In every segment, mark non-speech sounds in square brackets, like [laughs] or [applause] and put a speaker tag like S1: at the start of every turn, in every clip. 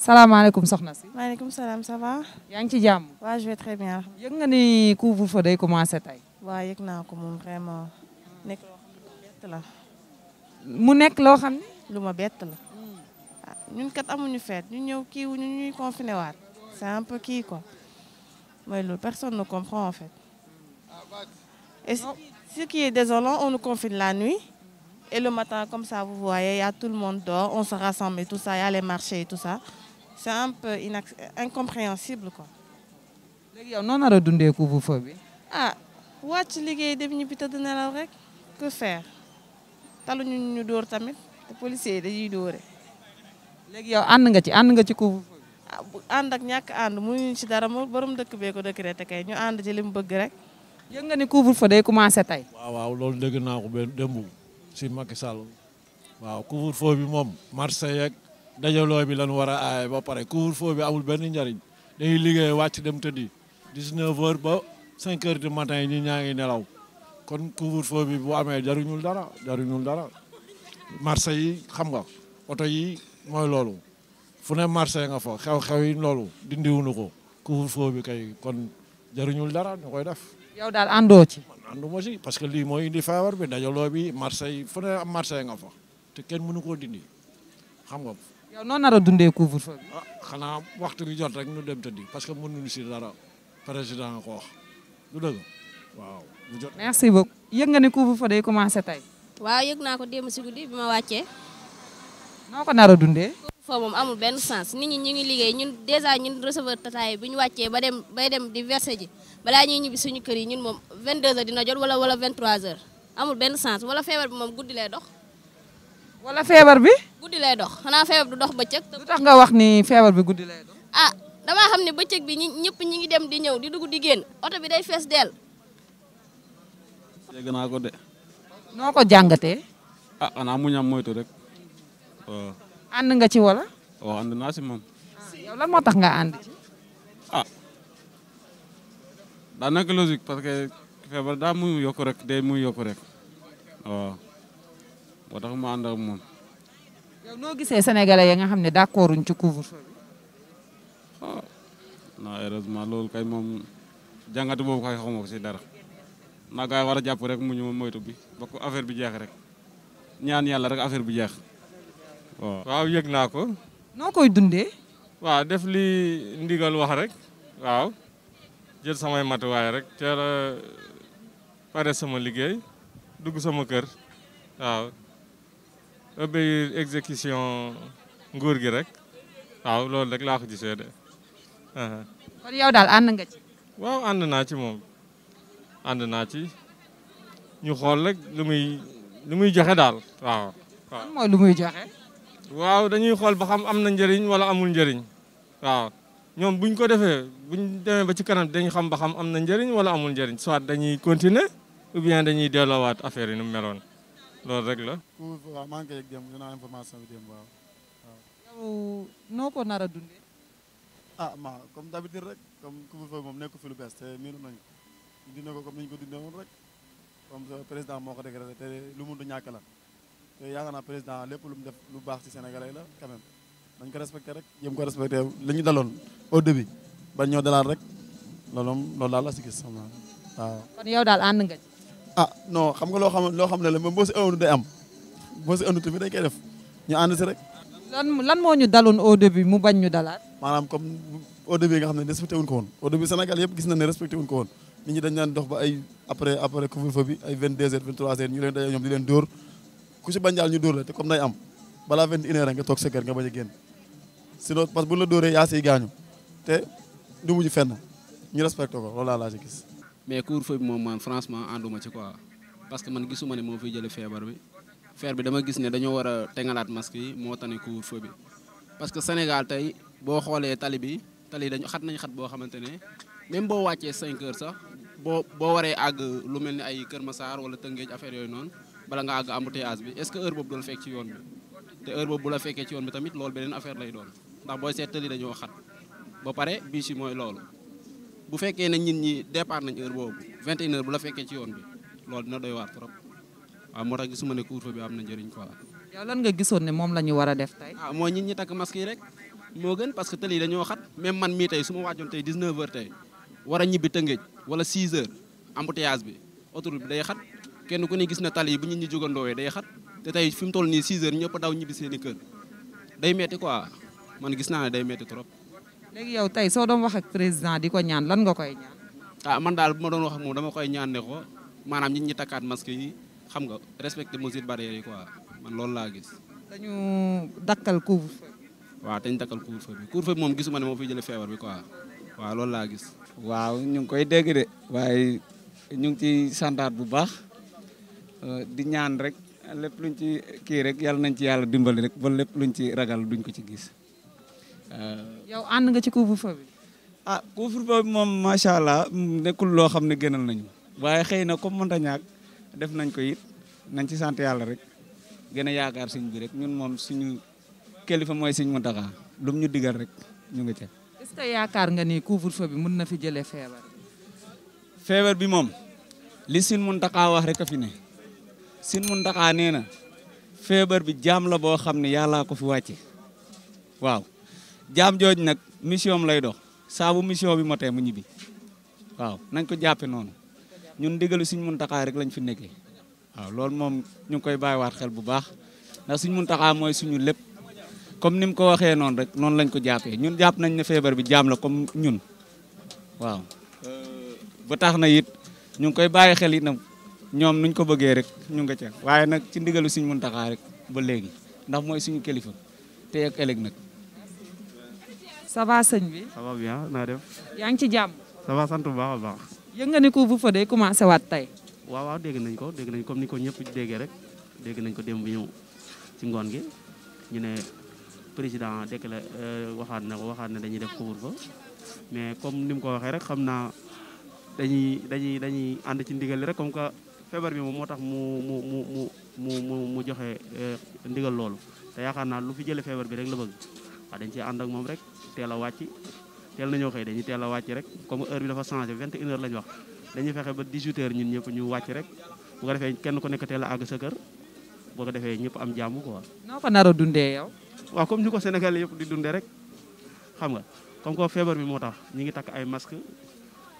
S1: salaamaaleykum soxna
S2: si. maaleykum salaam ça va. yaa ngi ci jàmm. waaw je vais très bien. yëg nga
S1: ni couvre-feu day commencé tey.
S2: waaw yëg naa ko moom vraiment nekk loo xam ne bett la. mu nekk loo xam ne. lu ma bett la. Ah, ñun kat amuñu feet ñu ñëw kii wu ñu ñuy confiné waat c'est un peu kii quoi mooy loolu personne ne comprend en fait. et ce qui est désolant on nous confine la nuit. et le matin comme ça vous voyez y a tout le monde dehors on se rassemble et tout ça y a les tout ça. c'est un peu incompréhensible quoi. léegi yow noo nar a
S1: dundee couvre-feu bi.
S2: ah wàcc liggéey dem ñibbi tëdd nelaw rek. que faire taluñu ñu dóor tamit te policiers yi dañuy dóore.
S1: léegi yow ànd nga ci ànd nga ci couvre-feu bi.
S2: ah bu ànd ak ñàkk ànd mënuñu ci dara mu borom dëkk bee ko décrété kay ñu ànd ci li mu bëgg rek. yëg nga ni couvre-feu day commencé tey. waaw
S3: waaw loolu
S4: dégg naa ko ba démb si Macky waaw couvre-feu bi moom dajaloo bi lan war a aaye ba pare couvre-feu bi amul benn njariñ dañuy liggéey wàcc dem tëddi 19h ba 5h du matin ñi ñaa ngi nelaw kon couvre-feu bi bu amee jaruñul dara jaruñul dara marché yi xam nga oto yi mooy loolu fu ne marché nga fa xew-xew yi loolu dindiwuñu ko couvre-feu bi kay kon jaruñul dara ñu koy def.
S1: yow daal àndoo ci. man ànduma
S4: parce que lii mooy indi feebar bi dajaloo bi marché yi fu ne am marché nga fa te kenn mënu koo dindi xam nga.
S1: yow noo nar a dundee couvre-feu
S4: ah, xanaa waxtu bi jot rek ñu dem tëddi parce que mënuñu si dara
S5: président ko wax du waaw. bu jot merci
S1: beaucoup. yëg nga ne couvre-feu day commencé tey.
S6: waaw yëg naa ko démb si guddi bi ma wàccee. noo ko nar a dundee. foo moom amul benn sens ni ñi ñu ngi liggéey ñun dèjà ñun receveur tataay bi ñu wàccee ba dem bay dem di verser ji balaa ñuy ñibbi suñu kër yi ñun moom 22h dina jot wala wala 23h amul benn sens wala feebar bi moom guddi lay dox. wala feebar bi. guddi lay dox xanaa feebar du dox bëccëg. lu tax nga wax
S1: ni feebar bi guddi la dox.
S6: ah damaa xam ne bëccëg bi ñi ñëpp ñi ngi dem di ñëw di dugg di génn oto bi day fees del
S7: dégg naa ko de.
S1: noo ko jàngatee.
S7: ah mu moytu rek.
S1: ànd nga ci wala.
S7: waaw ànd naa si moom. Ah, yow moo tax nga ànd ci. ah daa parce que feebar daa muy yokk rek rek moo tax mu ànd
S8: ak noo gisee
S1: sénégalais yi nga xam ne d'accorduñ ci couvre-feu bi.
S7: Ah, loolu kay moom jàngatu boobu kay xamoo si dara naa war a jàpp rek mu ñu ma moytu bi ba affaire bi jeex rek ñaan yàlla rek affaire bi jeex waaw. waaw yëg naa ko.
S1: noo koy dundee.
S7: waaw def li ndigal wax rek waaw jël samay matuwaay rek teel a pare sama liggéey dugg sama kër waaw. obéir nguur gi rek waaw loolu rek laa ko gisee de.
S2: kon daal ànd nga
S7: waaw ànd naa ci moom ànd naa ci ñu xool rek lu muy lu muy joxe daal waaw. waaw mooy lu muy joxe. waaw dañuy xool ba xam am na njëriñ wala amul njëriñ waaw ñoom buñ ko defee buñ demee ba ci kanam dañ xam ba xam am na njëriñ wala amul njëriñ soit dañuy continuer ou bien dañuy delloowaat affaire yi nu mu meloon. loolu rek la.
S9: waaw maa ngi koy yëg démb dinaa information bi démb waaw. yow ko nar a dundee. ah ma comme d'habitude rek comme couvre-feu moom nekku fi lu bees te miinu nañu ko dina ko comme ni ñu ko dundee woon rek comme président moo ko décrété te lu mënut a ñàkk la te yaakaar président lépp lu mu def lu baax ci Sénégalais la quand même dañ ko respecté rek jëm ko respecté li ñu daloon au début bañ ñoo dalaat rek loolu loolu daal la si gis sama waaw. ah no xam nga loo xam loo xam ne la même boo si ëndu day am boo si ëndu tamit dañ koy def ñu ànd si rek.
S1: lan lan moo ñu daloon au début mu bañ ñu dalaat.
S9: maanaam comme au début nga xam ne respecté wuñ ko woon au début Sénégal yëpp gis na ne respecté wuñ ko woon nit ñi dañ daan dox ba ay après après couvre-feu bi ay 22 heures 23 heures ñu leen daje ñoom di ku si bañ daal ñu dóor la te comme day am balaa 21 heures nga toog sa nga bañ a génn sinon bu la dóoree yaa gaañu te du mujj fenn ñu respecté ko loolu laa laa gis.
S10: mais couvre-feu bi moom man franchement ànduma ci quoi parce que man gisuma ne moo fiy jëlee feebar bi feer bi dama gis ne dañoo war a tengalaat masque yi moo tane couvre-feu bi parce que Sénégal tey boo xoolee tali bi tali dañu xat nañ xat boo xamante ne même boo wàccee cinq heures sax boo boo waree àgg lu mel ni ay Kër Massar wala Tëngéej affaire yooyu noonu bala nga àgg embouteillage bi est-ce que heure boobu du la fekk ci yoon bi te heure boobu bu la fekkee ci yoon bi tamit loolu beneen affaire lay doon ndax booy seet tali dañoo xat ba pare bus yi mooy loolu. bu fekkee ne nit ñi départ nañ heure boobu 21 heures bu la fekkee ci yoon bi loolu dina doy waar trop waaw moo tax gisuma ne couvre-feu bi am na njëriñ quoi.
S1: yow lan nga gisoon ne moom la ñu war a def tey. ah ñi
S10: takk masque rek moo gën parce que tëli dañoo xat même man mii tey su ma wàccoon tey 19 heures tey war a ñibbi Tëngéej wala 6 heures embouteillage bi autoroute bi day xat kenn ku ne gis na tali yi bu nit ñi jógandoowee day xat te tey fi mu toll nii 6 heures ñëpp daw ñibbi seen i kër day metti quoi man gis naa day metti trop.
S1: léegi yow tey soo doon wax président di ko ñaan lan nga koy ñaan.
S10: ah man daal bu ma doon wax ak moom dama koy ñaan ne ko maanaam nit ñi takkaat masque yi xam nga respecté mesures barrières yi quoi man loolu laa gis.
S1: dañu dakkal couvre-feu.
S11: waaw dañu dakkal couvre-feu bi couvre-feu bi moom gisuma ne moo fiy jëlee feebar bi quoi waaw loolu laa gis. waaw ñu ngi koy dégg de waaye ñu ngi ci santaat bu baax euh, di ñaan rek lépp luñ ci kii rek yàlla nañ ci yàlla dimbali rek ba lépp luñ ci ragal duñ ko ci gis. yow
S1: ànd nga ci ah,
S11: couvre-feu bi. moom macha allah nekkul loo xam ne gënal nañu waaye xëy na comme mënta ñàkk def nañ ko it nañ ci sant yàlla rek gën a yaakaar suñ bi rek ñun moom suñu kilifa mooy suñ Mountakha lu mu ñu digal rek ñu ngi ca.
S1: est que yaakaar nga ni couvre-feu bi mën na fi jëlee
S11: feebar. feebar bi moom li suñ Mountakha wax rek a fi ne suñ Mountakha nee na feebar bi jaam la boo xam ne yàllaa ko fi wàcce waaw. jaam jooju nag mission lay dox saabu mission bi motee mu ñibbi waaw nañ ko jàppe noonu ñun ndigalu suñ muntaxaa rek lañ fi nekkee waaw loolu moom ñu ngi koy bàyyiwaat xel bu baax ndax suñ muntaxaa mooy suñu lépp comme ni mu ko waxee noonu rek noonu lañ ko jàppee ñun jàpp nañ ne feebar bi jaam la comme ñun waaw ba tax na it ñu ngi koy bàyyi xel it nag ñoom nuñ ko bëggee rek ñu nga ca waaye nag ci ndigalu suñ muntaxaa rek ba léegi ndax mooy suñu kilifa te ak ëllëg nag
S1: ça sëñ bi.
S11: ça va bien naa
S1: yaa ngi ci jàmm.
S3: ça sant bu baax a baax.
S1: yëg nga ni couvre-feu day commencé waat tey.
S3: waaw dégg nañ ko dégg nañ comme ni ko ñëpp déggee rek dégg nañ ko démb ñëw ci ngoon gi ñu ne président déclaré euh, waxaat na ko waxaat ne dañuy def couvre mais comme ni mu ko waxee rek xam naa dañuy dañuy dañuy ànd ci ndigal li rek comme que feebar bi moom moo tax mu mu mu mu mu mu joxe euh, ndigal loolu te yaakaar naa lu fi jëlee feebar bi rek la bëgg. waaw dañ ci ànd ak moom rek teel a wàcc teel nañoo xëy dañuy teel a wàcc rek comme heure bi dafa changé 21 heures lañ wax dañuy fexe ba 18 heures ñun ñëpp ñu wàcc rek bu ko defee kenn ku nekk teel a àgg sa kër boo ko defee ñëpp am jàmm quoi. noo ko nar dundee yow. waaw comme ñu ko Sénégal yëpp di dundee rek xam nga comme ko feebar bi moo tax ñu ngi takk ay masque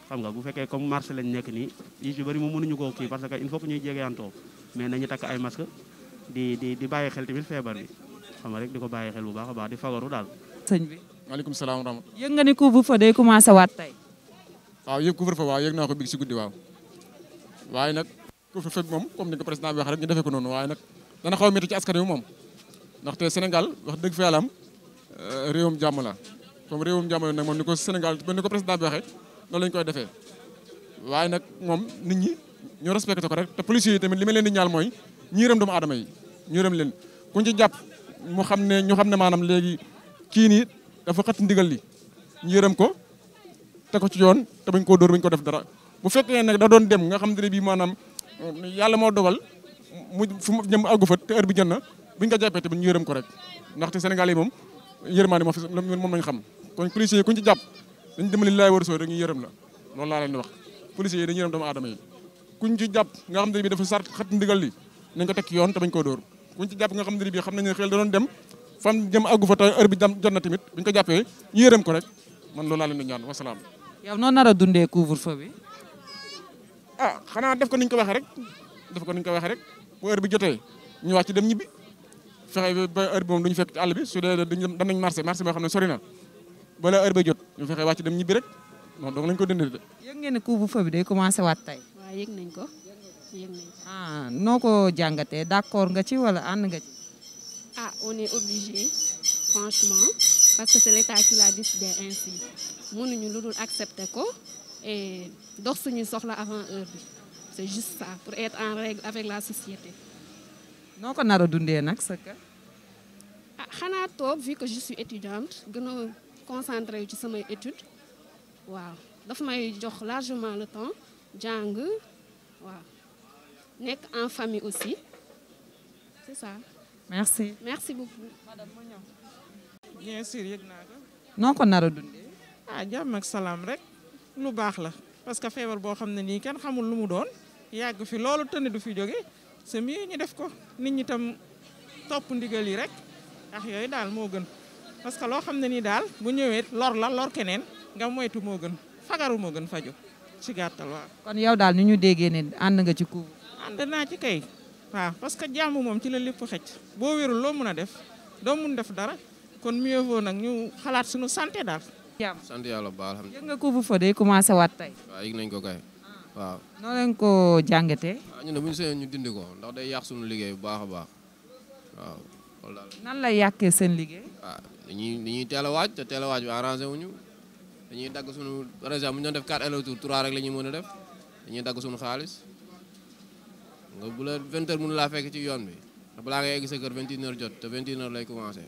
S3: xam nga bu fekkee comme marché lañ nekk nii yi ci bëri mu mënuñu koo kii parce que il faut que ñuy jegeyantoo mais nañu takk ay masque di di di bàyyi xel tamit feebar bi. xam rek di ko bàyyi xel bu baax a
S9: baax di fagaru daal. wa rahmatulah. yëg nga ni waaw yëg naa ko biig si guddi waaw. waaye nag couvre-feu bi moom comme ni ko président bi wax rek ñu defee ko noonu waaye nag dana xaw a métti ci askan wi moom. ndaxte Sénégal wax dëgg fa euh, réewum jàmm la comme réewum jàmm la nag moom ni ko Sénégal ni ko président bi waxee noonu lañu koy defee. waaye nag moom nit ñi ñu respecté ko rek te policiers yi tamit li ma leen di ñaal mooy ñi yërëm doomu aadama yi ñu yërëm leen kuñ ci jàpp mu xam ne ñu xam ne maanaam léegi kii nii dafa xat ndigal li ñu ko te ko ci yoon te bañ koo door bañ ko def dara bu fekkee nag da doon dem nga xam ne bii maanaam euh, yàlla moo dogal mu fu mu jëm àggu fa te heure bi na buñ ko jàppee ñu yërëm ko rek ndaxte Sénégalais moom yërmaane moo fi moom lañ xam kon policiers yi ci jàpp dañ dimbali laay war soo rek ñu yërëm la loolu laa leen di wax policiers yi dañu yërëm doomu aadama ci jàpp xam ne bii dafa sart xat ndigal li nañ ko teg yoon te bañ koo dóor buñ ci jàpp nga xam ne bii xam nañ ne xel da doon dem fan jëm àggu fa tey heure bi jam jot na tamit buñ ko jàppee ñu yërëm ko rek man loolu laa leen di ñaan wasalaam. yow noo nar a dundee couvre-feu a ah, xanaa def ko ni ko waxee rek def ko ni ñu ko rek bu heure bi jotee ñu wàcc dem ñibbi fexe ba heure bi moom duñu fekk àll bi su dee dañu dem marché marché boo xam ne sori na bala heure bi jot ñu fexe wàcc dem ñibbi rek non donc lañ ko dundee.
S1: yëg ngeen ne couvre-feu bi day commencé waat tey. nañ ko. Ah, noo ko jàngatee d'accord nga ci wala ànd nga ci.
S6: ah on est obligé franchement parce que c'est l'État ci l'a décidé ainsi mënuñu lu dul accepter ko dox suñu soxla avant bi c'est juste ça pour être en règle avec la société.
S1: ko nar a dundee nag sa
S6: kër. ah xanaa toog vu que je étudiante gën a concentré ci samay études waaw daf may jox largement le temps jàng waaw. nekk en famille aussi c'est merci merci beaucoup. madame ma ñëw.
S11: bien sûr
S5: dundee. ah jàmm ak salaam rek lu baax la parce que feebar boo xam ne nii kenn xamul lu mu doon yàgg fi loolu tënne du fi jóge c'est mieux ñu def ko nit ñi tam topp ndigal yi rek ndax yooyu daal moo gën parce que loo xam ne nii daal bu ñëwee lor la lor keneen nga moytu moo gën fagaru moo gën faju ci gàttal waaw.
S1: kon yow daal ni ñu déggee ne ànd nga ci ku.
S5: ànd naa ci kay waaw parce que jàmm moom ci la lépp xëcc boo wérul loo mun a def doo mun def dara kon mieux vaut nag ñu xalaat suñu santé daal. jàmm sant yàlla ba alhamdulilah
S1: yëg nga couvre-feu day commencé waat tey.
S10: waaw yëg nañ ko kay ah. waaw.
S1: la leen ko jàngatee.
S10: waaw ah, ñu bu ñu seen ñu dindi ko ndax day yàq suñu liggéey bu baax a baax waaw. nan lay yàqee seen liggéey. waaw ah, dañuy dañuy teel a waaj te teel a waaj bi arrangé wuñu dañuy dagg suñu par exemple bu ñu def 4 aller retour 3 rek la ñuy mën a def dañuy dagg suñu xaalis. nga bu la 20 heures mënu laa fekk ci yoon bi balaa ngay egg sa kër 21 heures jot te 21 heures lay commencé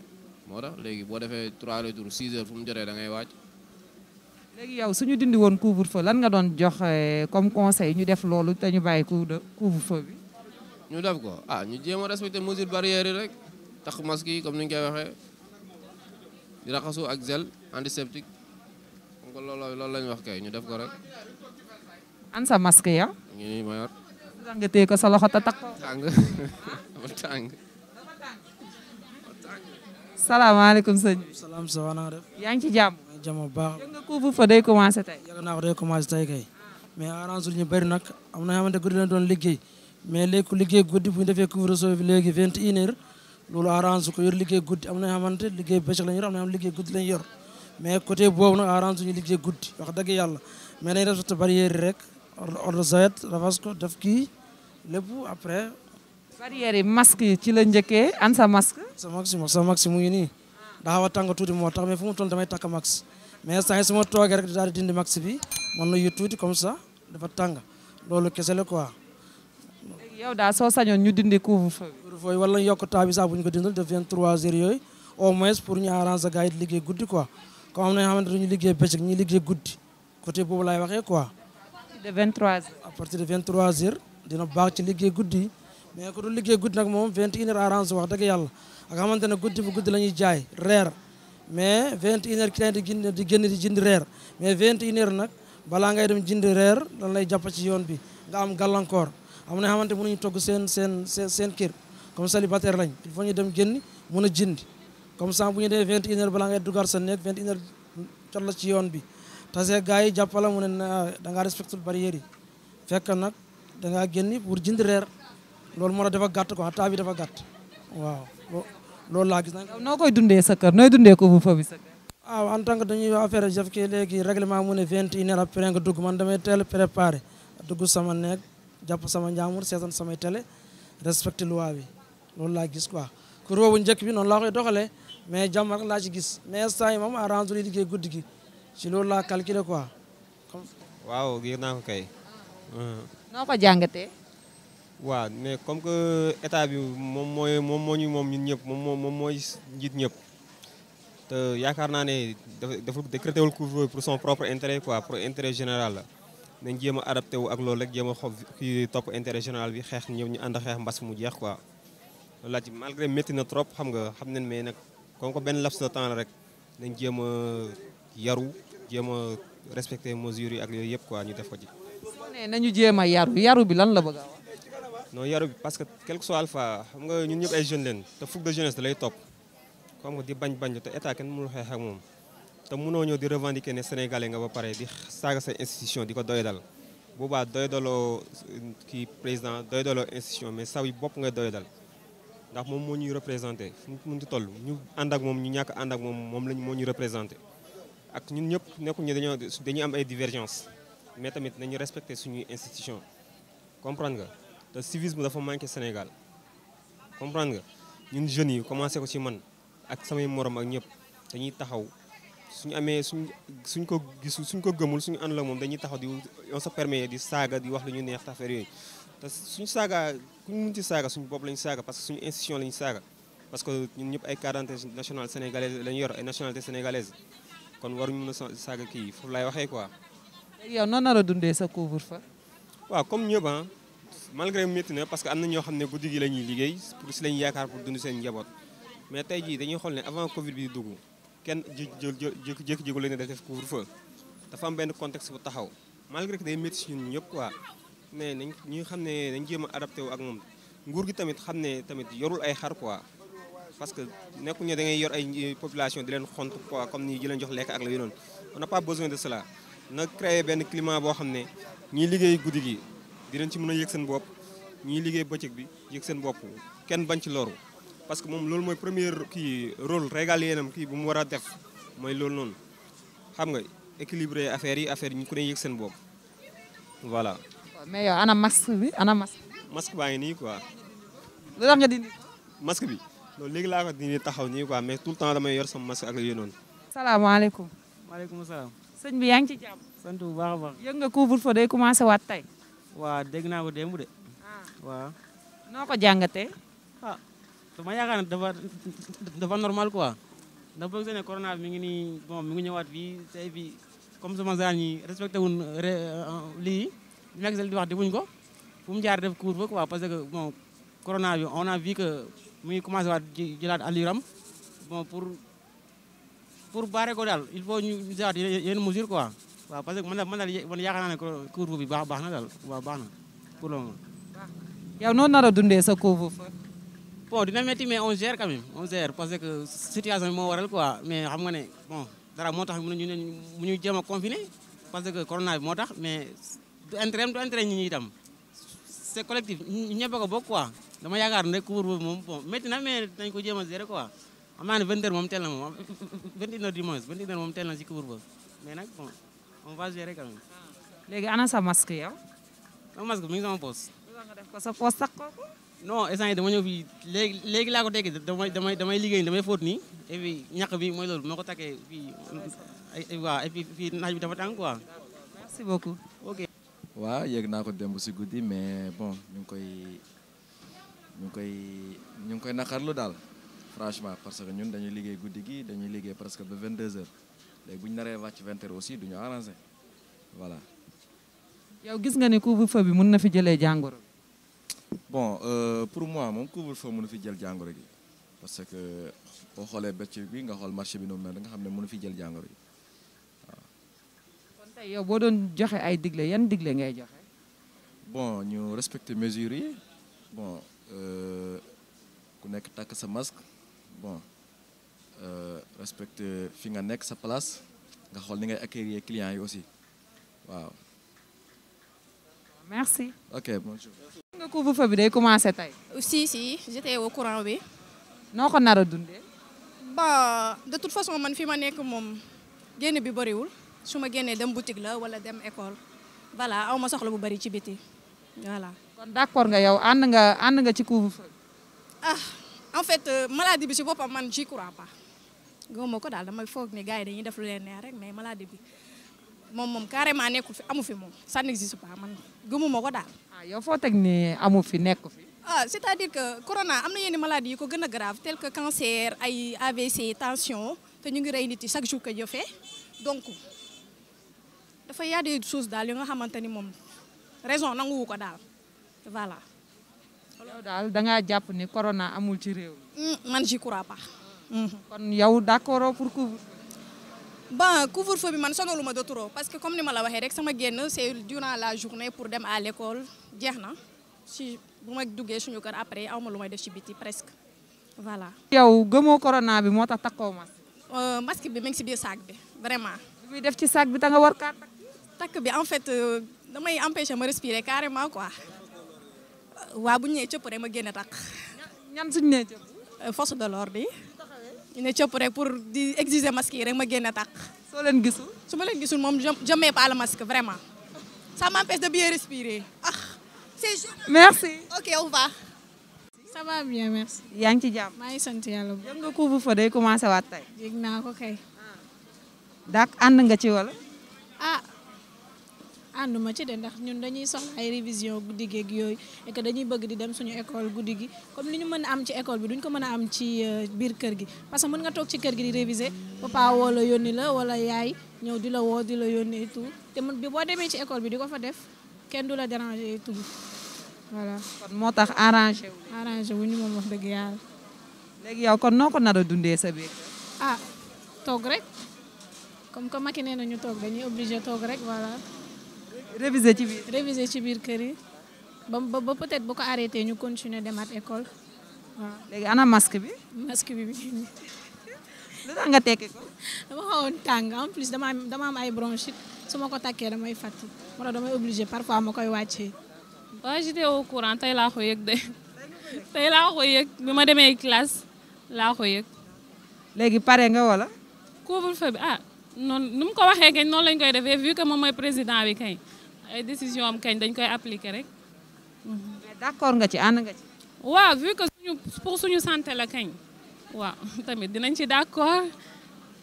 S10: moo tax léegi boo defee 3 retours 6 heures fu mu jotee da ngay wàcc.
S1: léegi yow suñu dindi woon couvre feu lan nga doon jox eh, comme conseil ñu def loolu te ñu bàyyi couvre feu bi.
S10: ñu def ko ah ñu jéem a respecté mesure barrière yi rek tax masque yi comme ni ñu koy waxee di raxasu ak gel antiseptique loolu loolu lañ wax kay ñu def ko rek.
S1: an sa masque ya. ñu ngi mayor tax nga sa loxo te ko. tàng salaamaaleykum
S12: sëñ bi. salaam sa waa na nga def. yaa ngi ci jàmm. jàmm bu baax. yëg
S1: nga couvre-feu day commencé
S12: tey. yëg naa ko day commencé kay. mais arrange ñu bëri nag am na yoo xamante guddi la doon liggéey mais léegi ku liggéey guddi bu ñu defee couvre-feu bi léegi vingt et une heures loolu arrange ko yor liggéey gud am na yoo xamante liggéey bëccëg lañ yor am na yoo xam liggéey guddi lañ yor mais ñu liggéey guddi wax dëgg yàlla mais lépp après. barrière yi masque yi ci la njëkkee an sa masque. sa masque moom sa mu ngi nii daa xaw a tuuti moo tax mais fu mu toll damay takk max mais saa su ma toogee rek daal di dindi max bi mën na tuuti comme ça dafa tàng loolu kese la quoi.
S1: yow daal soo sañoon
S12: ñu dindi couvre-feu bi. couvre yokk temps bi sax bu ñu ko dindal de 23 heures yooyu au moins pour ñu arranger gars yi di liggéey guddi quoi am na ñoo xamante ne ñu liggéey bëccëg ñu liggéey guddi côté boobu laay waxee quoi. de 23 heures. à partir de dina baax ci liggéey guddi mais ku dul liggéey guddi nag moom vingt une heure arrange wax dëgg yàlla ak xamante ne guddi bu guddi la ñuy jaay reer mais vingt une heure client di génn di génn jënd reer mais vingt une heure nag balaa ngay dem jënd reer lan lay jàpp ci yoon bi nga am gàllankoor am na xamante mënuñu togg seen seen seen seen kër comme célibataire lañ il faut ñu dem génn mën a jënd comme ça bu ñu dee vingt une heure balaa ngay dugaat sa nekk vingt une heure la ci yoon bi tase gars yi jàppala mu ne ah, da ngaa respecté barrières yi fekk nag da ngaa génn pour jënd reer loolu moo tax dafa gàtt quoi temps bi dafa gàtt waaw loolu laa gis. noo
S1: koy dundee sa kër nooy dundee ko fa bi sa kër.
S12: waaw ah, en tant que dañuy affaire jëf ki léegi règlement mu ne vingt et une heures après nga dugg man damay teel préparé dugg sama nekk jàpp sama njaamur seetaan samay télé respecté loi bi loolu laa gis quoi. ku wu njëkk bi noonu laa koy doxalee mais jàmm rek laa ci gis mais saa yi moom arrangé li liggéey guddi gi si loolu laa calculé quoi.
S7: waaw gis naa ko kay. noo ko jàngate waaw mais comme que état bi moom mooy moom moo ñu moom ñun ñëpp moom moo moom mooy njiit ñëpp. te yaakaar naa ne dafa dafa décrété wul couvre-feu pour son propre intérêt quoi pour intérêt général la. nañ jéem a adapté wu ak loolu rek jéem a xob kii topp intérêt général bi xeex ñëw ñu ànd xeex mbas mu jeex quoi loolu laa ci malgré métti na trop xam nga xam nañ mais nag comme benn laps de temps rek nañ jéem a yaru jéem a respecté mesures ak yooyu yëpp quoi ñu def ko ci.
S1: ne nañu jéem a yaru yaru bi lan la bëgg a
S7: wax non yaru bi parce que quelque que soit alpha xam nga ñun ñëpp ay jeunes leen te fougue de jeunesse da lay topp xam nga di bañ bañ te état kenn mënul xeex ak moom te mënoo ñëw di revendiquer ne sénégalais nga ba pare di saaga sa institution di ko doy dal boobaa doy daloo kii président doy daloo institution mais saw yi bopp nga doy dal ndax moom moo ñuy représenté fu mu ci toll ñu ànd ak moom ñu ñàkk ànd ak moom moom lañ moo ñuy représenté ak ñun ñëpp nekkuñu dañoo dañuy am ay divergence mais tamit nañu respecter suñuy institution comprendre nga te civisme dafa manqué Sénégal comprendre nga ñun jeunes yi commencé ko ci man ak samay morom ak ñëpp dañuy taxaw suñu amee suñ suñ ko gis suñ ko gëmul suñu ànd la moom dañuy taxaw di on se permet di saaga di wax lu ñu neex affaire yooyu te suñu saaga kuñ mun ci saaga suñu bopp lañu saaga parce que suñu institution lañu saaga parce que ñun ñëpp ay quarante nationale sénégalaise lañu yor ay nationalité sénégalaise kon waruñu mën a saaga kii foofu laay waxee quoi léegi yow
S1: noo a dundee sa couvre-feu.
S7: waaw comme ñëpp ah malgré métti na parce que am na ñoo xam ne guddi gi la ñuy liggéey pour si lañu yaakaar pour dund seen njaboot mais tey jii dañuy xool ne avant Covid bi di dugg kenn jé jékki-jékki la ne def couvre-feu dafa am benn contexte bu taxaw malgré que day métti si ñun ñëpp quoi mais nañ ñu xam ne dañ jéem a adapté wu ak moom nguur gi tamit xam ne tamit yorul ay xar quoi. parce que nekkul ne da ngay yor ay population di leen xont quoi comme ni di leen jox lekk ak la yu noonu on n'a pas besoin de cela. na créer benn climat boo xam ne ñiy liggéey guddi gi dinañ ci mën a yëg seen bopp ñiy liggéey bëccëg bi yëg seen bopp kenn bañ ci loru parce que moom loolu mooy premier kii rôle régalien am kii bu mu war a def mooy loolu noonu xam nga équilibrer affaire yi affaire ñu ko ne yëg seen bopp voilà.
S1: mais yow ana masque bi ana masque.
S7: masque baa ngi nii quoi. lu tax nga dindi. masque bi loolu léegi laa ko dindi taxaw nii quoi mais tout le temps damay yor sama
S5: masque ak yooyu noonu.
S1: salaamaaleykum.
S5: maaleykum salaam.
S1: sëñ bi yaa ngi ci jàmm. sant bu baax a baax. yëg nga couvre-feu day commencé waat tey.
S5: waa dégg naa ko démb de. Ah. waaw. noo ko jàngatee. ah dama yaakaar ne dafa normal quoi. ndax boo gisee ne corona mi ngi nii bon mi ngi ñëwaat fii tey fii comme sama genre ñi respecté wuñ euh, lii nekk di wax defuñ ko fu mu jaar def couvre-feu parce que bon corona bi on a vu que muy commencé waat jëlaat alluram pour barrer ko daal il faut ñu gisaat yenn mesure parce que man daal man daal man yaakaar naa baax baax na daal baax na pour le moment.
S1: yow noonu nar a dundee sa couvre-feu.
S5: bon dina métti mais on gère quand même on gère parce que situation moo waral quoi mais xam nga ne bon dara moo tax ñu ne ñu ñu jéem a confiner parce que corona bi moo tax mais du intérêt du intérêt ñi ñi itam c'est collectif ñëpp a ko bokk quoi dama yaakaar ne couvre-feu moom bon métti na dañ ko jéem a xam naa ne vingt heures moom teel na moom vingt une heures du moins vingt une heures moom teel na si couvre-feu mais nag bon on va gérer quand même. Ah. léegi ana sa masque yow. sama masque mi ngi sama poos. nga
S1: def ko sa poos sax kooku.
S5: non instant yii dama ñëw fii léegi léegi laa ko dégg damay damay damay liggéey damay fóot nii et puis ñàkk bi mooy loolu moo ko takkee fii ay waaw et puis fii naaj bi dafa tàng quoi. merci beaucoup. ok. waaw
S4: yëg naa ko démb si guddi mais bon ñu ngi koy ñu ngi koy ñu ngi koy naqarlu daal. franchement parce que ñun dañuy liggéey guddi gi dañuy liggéey presque ba 22 heures léegi bu ñu naree wàcc 20 heures aussi du ñu voilà.
S1: yow gis nga ne couvre-feu bi mën na fi jëlee jàngoro.
S4: bon euh, pour moi moom couvre-feu mënu fi jël jàngoro gi parce que boo xoolee bëcc bi nga xool marché bi noonu mel da nga xam ne munu fi jël jàngoro gi
S1: waaw. yow boo doon joxe ay digle yan digle ngay joxe.
S4: bon ñu respecter mesures yi bon euh, ku nekk takk sa mask bon euh, respecte fi nga nekk sa place nga xool ni ngay accueillir clients yi aussi waaw.
S1: nga couvre-feu bi day commencé tey.
S13: si si j'étais au courant bi. noo ko nar a dundee. ba de toute façon man fi ma nekk moom génne bi bariwul su ma génnee dem boutique la wala dem école voilà aw ma soxla bu bëri ci biti voilà.
S1: kon nga yow ànd nga ànd nga ci couvre-feu.
S13: ah. en fait euh, maladie bi si boppam man j'y crois pas gëmuma ko daal damay foog ni gars yi dañuy def leen neex rek mais maladie bi moom moom carrément nekkul fi amu fi moom ça n'existe pas man gëmuma ko daal.
S1: ah yow foo teg ni amu fi nekku fi.
S13: ah c'est-à-dire que corona am na yenn maladi yu ko gën a grave tel que cancer ay AVC tension te ñu ngi rey nit yi chaque jour que jëfee donc dafa y a des choses daal yu nga xamante ni moom raison nanguwu ko daal yow daal da ngaa jàpp ni corona amul ci réew hmm, man j'y crois pas. Hmm. kon yow d' pour couvre. bon couvre-feu bi man sonalu ma de trop parce que comme ni ma la waxee rek sama génn c' est durant la journée pour dem à l' école jeex na si bu ma duggee suñu kër après aw ma lu may def ci biti presque voilà.
S1: yow gëmoo corona bi moo tax ma masque.
S13: Euh, masque bi mi ngi si biir saak bi vraiment. li muy def ci saak bi da nga war kaa takk. bi en fait euh, damay empêcher ma respirer carrément quoi. waaw bu ñu nee cëpp rek ma génne takk. ñan suñu nee cëpp. Euh, force de l'ordre bi. ñu ne cëpp rek pour di exiger masque yi rek ma génne takk. soo leen gisul. su ma leen gisul moom je mets pas le masque vraiment.
S6: ça m'empêche de bien respirer. ah c'est merci ok au revoir. ça bien merci. yaa ngi ci jàmm. maa ngi sant yàlla bu baax.
S1: nga couvre-feu day commencé
S6: waat tey. yëg naa ko kay.
S1: ànd nga ci wala.
S6: ah. ànduma ci de ndax ñun dañuy soxla ay révision guddi geeg yooyu et que dañuy bëgg di dem suñu école guddi gi comme li ñu mën am ci école bi duñ ko mën a am ci euh, biir kër gi parce que mën nga toog ci kër gi di réviser papa woo la yónni la wala yaay ñëw di la woo di la yónni tu te man bi boo demee ci école bi di ko fa def kenn du la déranger et tout voilà. kon moo tax arrangé wu. arrangé wu ñu moom wax dëgg yàlla. léegi
S1: yow kon noo ko nar a dundee sa biir.
S6: ah toog rek comme que Macky nee na ñu toog dañuy obligé toog rek voilà. réviser ci biir réviser ci biir kër yi ba ba peut-être bu ko arrêté ñu continuer demaat école waaw. léegi ana masque bi. masque bi. bi
S1: [laughs] tax nga tekki
S6: ko. dama xawoon tàng en plus dama am dama am ay bronchite su ma ko takkee damay fàtti moo tax damay obligé parfois ma koy wàccee. waaw j'étais au courant tey laa ko yëg de tey laa ko yëg bi ma demee classe laa ko yëg.
S1: léegi pare nga wala.
S6: couvre-feu bi ah noonu nu mu ko waxee kañ noonu lañ koy defee vu que moom mooy président bi kañ. ay décision am kañ dañ koy appliquer rek. mais d'accord nga ci ànd nga ci. waa vu que suñu pour suñu santé la kañ. waaw [laughs] tamit dinañ ci d'accord.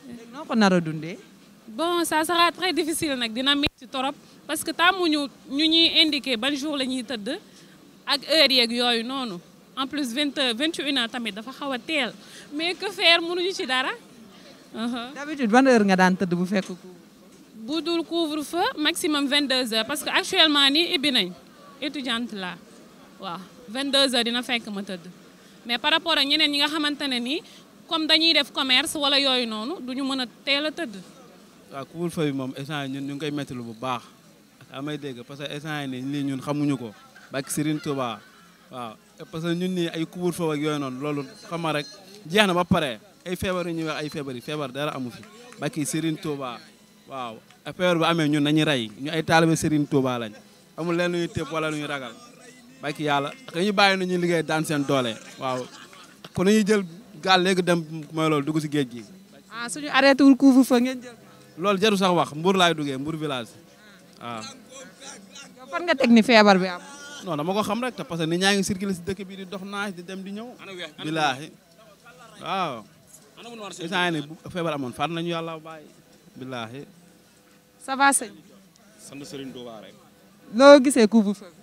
S6: léegi noo ko nar a dundee. bon ça sera très difficile nag dina métti torop parce que tàmmuñu ñu ñuy indiqué ban jour la ñuy tëdd ak heure yeeg yooyu noonu en plus vingt vingt et une heures tamit dafa xaw a teel mais que faire mënuñu ci dara. d'habitude
S1: ban heure nga daan tëdd bu fekk
S6: bu dul couvre-feu maximum 22 heures parce que actuellement nii ibbi nañ étudiante la waaw 22 heures dina fekk ma tëdd mais par rapport ak ñeneen ñi nga xamante ne nii comme dañuy def commerce wala yooyu noonu du ñu mën a teel a tëdd.
S10: waaw couvre-feu bi moom instant ñun ñu ngi koy métti bu baax amay dégg parce que instant yii nii lii ñun xamuñu ko bak Serigne Touba waaw parce que ñun ni ay couvre-feu ak yooyu noonu loolu xama rek jeex ba pare ay feebar yu ñuy wax ay feebar yi feebar dara amu fi waaw affaire bu amee ñun nañu rey ñu ay taalibe Serigne Touba lañ amul leen lu ñuy tëb wala lu ñuy ragal bàyyi yàlla ak ñu bàyyi nañu liggéey daan seen doole waaw kon nañuy jël gaal léegi dem mooy dugg si géej gi.
S1: ah suñu arrêté wul
S10: loolu jaru sax wax Mbour laay duggee Mbour village waaw. Ah.
S1: fan nga teg ni feebar bi am.
S10: non dama xam rek te parce que nit ñaa ngi circulé dëkk bi di dox naaj di dem di ñëw. bilaahi waaw. isaan ni bu
S8: amoon far nañu yàlla bàyyi bilaahi ça va sëñ bi. sant Serigne Touba rek.
S1: loo gisee couvre-feu bi.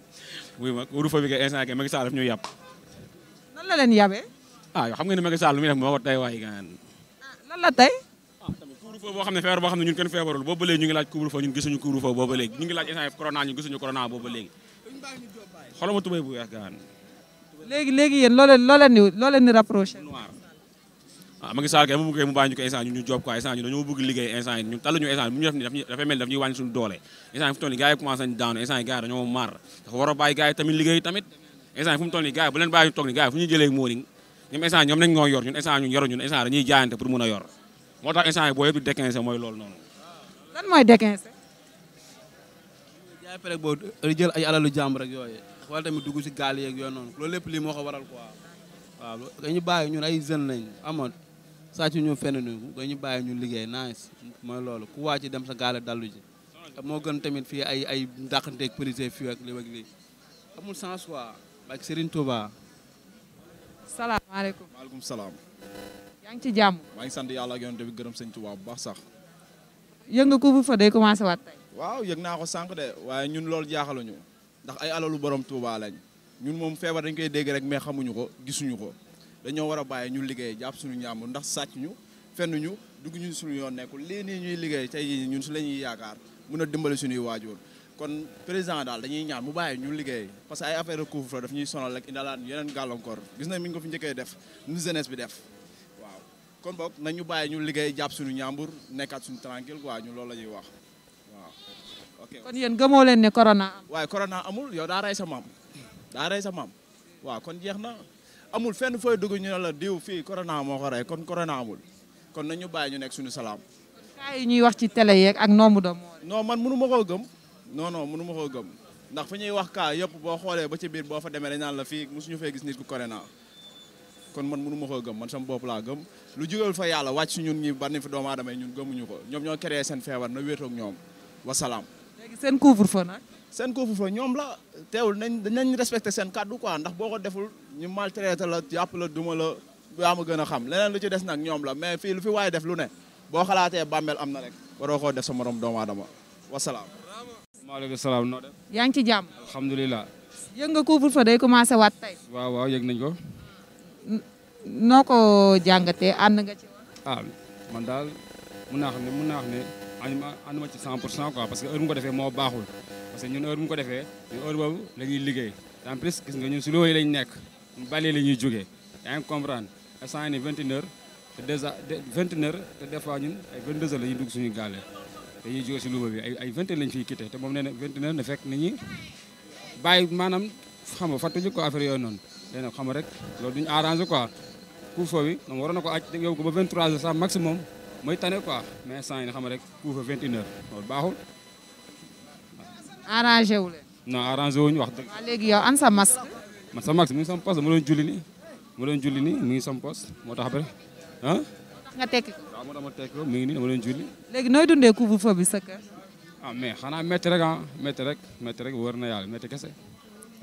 S8: oui ma couvre-feu bi kay instant kay Macky Sall daf ñuy yàpp.
S1: nan la leen yàbbee.
S8: ah yoo xam nga ne Macky Sall lu muy def moo ko tey waaye gaan. Ah,
S1: lan la tey. ah
S8: tamit couvre-feu boo xam ne feebar boo xam ne ñun kenn feebarul boobu ba léegi ñu ngi laaj couvre-feu ñun gisuñu couvre-feu boobu ba léegi ñu ngi laaj instant yëpp corona ñun gisuñu corona boobu ba léegi. xoolal ma tubéy bu weex gaan. léegi
S1: léegi yéen loo leen loo leen di loo leen di rapproché. noir
S8: waaw Macky Sall kay mu bëgg mu bàyyi ñu ko instant ñu ñu job quoi instant ñu dañoo bëgg liggéey instant yi ñun taluñu instant bu ñu def ni dafay mel daf ñuy wàññi suñu doole instant yi fu mu toll nii gars yi commencé nañ daanu instant yi gars yi dañoo mar dafa war a bàyyi gars yi tamit liggéey tamit instant yi fu mu toll nii gars yi bu leen bàyyi ñu toog ni gars yi fu ñuy jëlee mooning ñoom instant ñoom nañ ñoo yor ñun instant ñun yoru ñun instant dañuy jaayante pour mën a yor moo tax instant yi boo yëpp di déquinse mooy loolu noonu
S1: lan mooy déquinse
S10: jaay pare boo jël ay alalu jàmbur rek yooyu wala tamit dugg si gaal yeeg yooyu noonu loolu lépp lii moo ko waral quoi waaw dañu bàyyi ñun ay jeunes lañ amoon sàcc ñu fenn ñu bàyyi ñu liggéey nice mooy loolu ku wàcc dem sa gaale dallu ji moo gën tamit fii ay ay ndàqanteeg fii ak lii
S1: ak amul sens quoi
S10: ak Serigne Touba.
S1: salaamaaleykum maaleykum salaam. yaa ngi ci jàmm.
S4: maa ngi sant yàlla ak yonent bi gërëm sëñ Touba bu baax sax.
S1: yëg nga couvre-feu day commencé waat tey.
S4: waaw yëg naa ko sànq waaye ñun loolu jaaxaluñu ndax ay alalu boroom Touba lañ ñun moom feebar dañ koy dégg rek mais xamuñu ko gisuñu ko. dañoo war a bàyyi ñu liggéey jàpp suñu ñaam ndax sàcc ñu fenn ñu dugg ñu suñu yoon nekkul lii nii ñuy liggéey tey jii ñun su la ñuy yaakaar mën a dimbali suñuy waajur kon président daal dañuy ñaan mu bàyyi ñu liggéey parce que ay affaire de couvre-feu daf ñuy sonal rek indalaan yeneen gàllankoor gis na mi ngi ko fi njëkkee def nu jeunesse bi def waaw kon boog nañu bàyyi ñu liggéey jàpp suñu ñaambur nekkaat suñu tranquille quoi ñu loolu la ñuy wax waaw ok kon yéen
S1: gëmoo leen ne corona am
S4: waaye corona amul yow daa rey sa maam daa sa maam amul fenn fooy dugg ñu ne la diw fii corona moo ko kon corona amul kon nañu bàyyi ñu nekk suñu salaam.
S1: kaay ñuy wax ci télé yeeg ak nombre da moo non man mënu ma koo gëm
S4: no no mënu ma koo gëm ndax fi ñuy wax kaa yëpp boo xoolee ba ci biir boo fa demee dañ naan la fii mosuñu fee gis nit ko corona kon man mënu ma koo gëm man sama bopp laa gëm lu jógeel fa yàlla wàcc si ñun ñi bari fi doomu aadama yi ñun gëmuñu ko ñoom ñoo créé seen feebar na wéetoog ñoom wasalaam.
S1: léegi seen couvre-feu
S4: nag. seen couvre-feu ñoom la teewul nañ nañ respecté seen kàddu quoi ndax boo ko deful ñu maltraité la jàpp la duma la yaa ma gën a xam leneen lu ci des nag ñoom la mais fii lu fi waaye def lu ne boo xalaatee bàmmeel am na rek waroo koo def sa morom doomu aadama wasalaam.
S8: maaleykum salaam noo yaa ngi ci jàmm. alhamdulilah. yëg
S1: nga couvre-feu day commencé waat tey.
S8: waaw waaw yëg nañ ko.
S1: noo ko jàngatee ànd nga ci.
S8: ah daal mu naa xam ne mun naa xam ne ànd ma ci 100 pour cent quoi parce que heure bu ko defee moo baaxul parce que ñun heure bu ko defee ñun heure boobu la ñuy liggéey en plus gis nga ñun si loolu lañ nekk. bale la ñuy jógee yaa ngi comprendre instant ni vingt une heure te déjà vingt une te des fois ñun ay vingt deux heures la ñuy dugg suñu gaale dañuy jóge si Louga bi ay ay vingt heures lañu fiy quitté te moom nee na vingt une ne fekk nit ñi bàyyi maanaam xam nga fàttuñu ko affaire yooyu noonu léegi xam nga rek loolu duñu arrangé quoi couvre-feu bi moom waroon na ko aj yow ko ba vingt trois heures sax maximum mooy tane quoi mais instant yi nga xam nga rek couvre-feu vingt une heure loolu baaxul
S1: arrangé wu leen
S8: non arrangé wuñu wax dëgg
S1: léegi yow an sa
S8: man sama max mu ngi sama poste ma doon julli nii ma doon julli nii mu ngi sama poste moo tax après ah. nga tekki ko waaw moo tax ma tekki ko mu ngi nii dama doon julli.
S1: léegi nooy dundee couvre-feu bi sa kër.
S8: ah mais xanaa métti rek ah métti rek métti rek wër na yàlla métti kese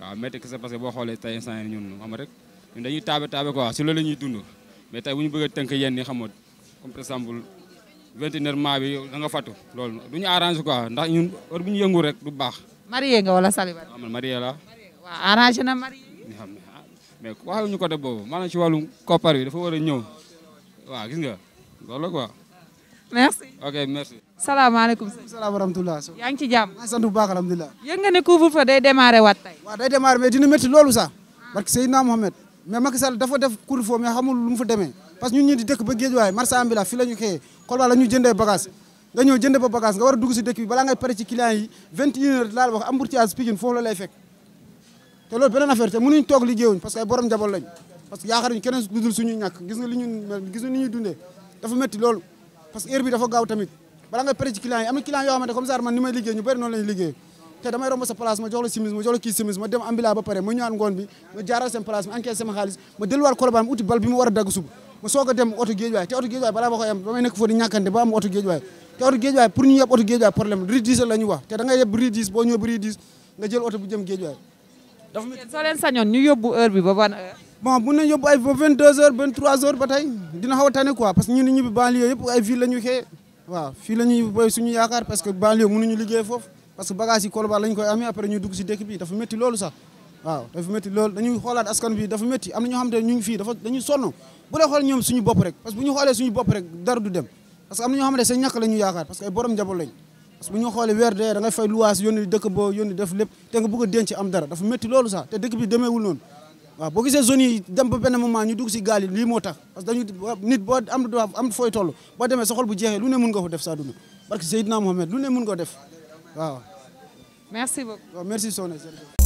S8: waaw métti kese parce que boo xoolee tey instant yii ñun xam rek ñun dañuy taabe taabe quoi si loolu la ñuy dund mais tey bu ñu bëgg a tënk yenn yi xam nga comme par exemple vingt et un mois bi da nga fàttu loolu du ñu arrangé quoi ndax ñun heure bu ñu yëngu rek du baax.
S1: marié nga wala célibataire.
S8: Ah, waaw man marié la.
S1: waaw arrangé na marié.
S8: mais waxal ñu côté boobu maanaam ci wàllum koppar bi dafa war a ñëw waaw gis nga loolu la quoi. merci ok merci.
S14: wa rahmatulah. yaa ngi ci jàmm. maa ngi sant bu baax alhamdulilah. yëg nga ne day démarré waat dina métti loolu sax. parce que Seydina Mohamed. mais Macky Sall dafa def couvre-feu mais xamul lu mu fa demee parce que ñun ñii di dëkk ba géej waaye marché ambulant ñu xëyee Kolda la ñu jëndee bagage nga ñëw jënd ba bagage nga war a dugg si dëkk pare ci client yi 21 heures laal wax embouteillage Pikine foofu la lay fekk te loolu beneen affaire te mënuñ toog liggéeyuñ parce que ay borom njaboot lañ parce que yaakaar ñu suñu ñàkk gis nga ñu gis dafa métti loolu parce que dafa gaaw tamit bala nga pare ci client yi am na client yoo xamante comme ça ñu bëri noonu lañu ma jox la simis ma jox la kii simis ma dem ambila ba pare ma uti bal bi mu war a dagg ma soog dem oto géej waay te oto géej waay balaa ma koy am ba am oto géej waay te oto géej waay oto géej dafa mel soo leen sañoon ñu yóbbu heure bi ba ban heure. bon mun nañu yóbbu ay ba 22h 23h ba tey dina xaw a tane quoi parce que ñun ñibbi banlieue yëpp ay ville la ñuy xëyee waaw fii la ñuy béy suñu yaakaar parce que banlieue mënuñu liggéey foofu parce que bagage yi Colobane la ñu koy amee après ñu dugg si dëkk bi dafa métti loolu sax waaw dafa métti loolu dañuy xoolaat askan bi dafa métti am na ñoo xam te ñu ngi fii dafa dañuy sonn bu dee xool ñoom suñu bopp rek parce que bu ñu xoolee suñu bopp rek dara du dem parce que am na ñoo xam ne seen ñàkk la ñu yaakaar parce que ay borom njaboot lañ parce que bu ñu xoolee weer dee da ngay fay luwaas yónni dëkk boo yónni def lépp te nga bëgg a denc am dara dafa métti loolu sax te dëkk bi demeewul noonu waaw boo gisee zone dem ba benn moment ñu dugg si gaal yi lii moo tax parce que dañu nit am droit am fooy toll boo demee sa bu jeexee lu ne mën nga ko def saa dund barke Seydina Mohamed lu ne mën nga ko def waaw merci beaucoup waaw merci